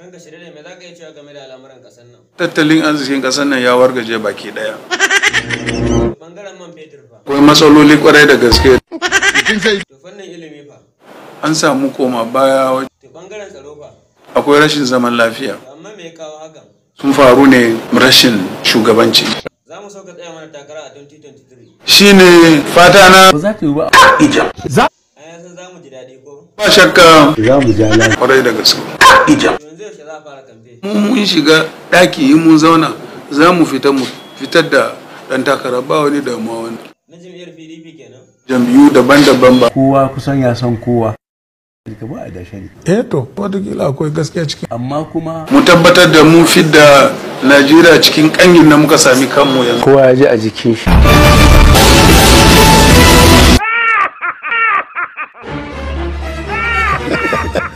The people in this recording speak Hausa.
ƙasar nan? Tattalin arzikin ƙasar nan ya wargaje baki ɗaya. Bangaren man fetur fa. Akwai matsaloli kwarai da gaske. An samu koma baya. tsaro fa. Akwai rashin zaman lafiya. Amma me kawo hakan? Sun faru ne rashin shugabanci. Za mu mana takara a 2023. fata na. Ba za ta yi ba. Za. mu ji shakka. Kwarai da gaske. mun shiga ɗaki in mun zauna za mu fita mu fitar da ɗan takara ba wani damuwa wani. Na jam'iyyar PDP kenan? Jam'iyyu daban-daban ba. Kowa kusan ya san kowa. ba a da ne. Eh to, watakila akwai gaskiya cikin. Amma kuma. Mu tabbatar da mun fi da Najeriya cikin ƙangin da muka sami kanmu yanzu. Kowa ya ji a jikin shi. Ha ha ha!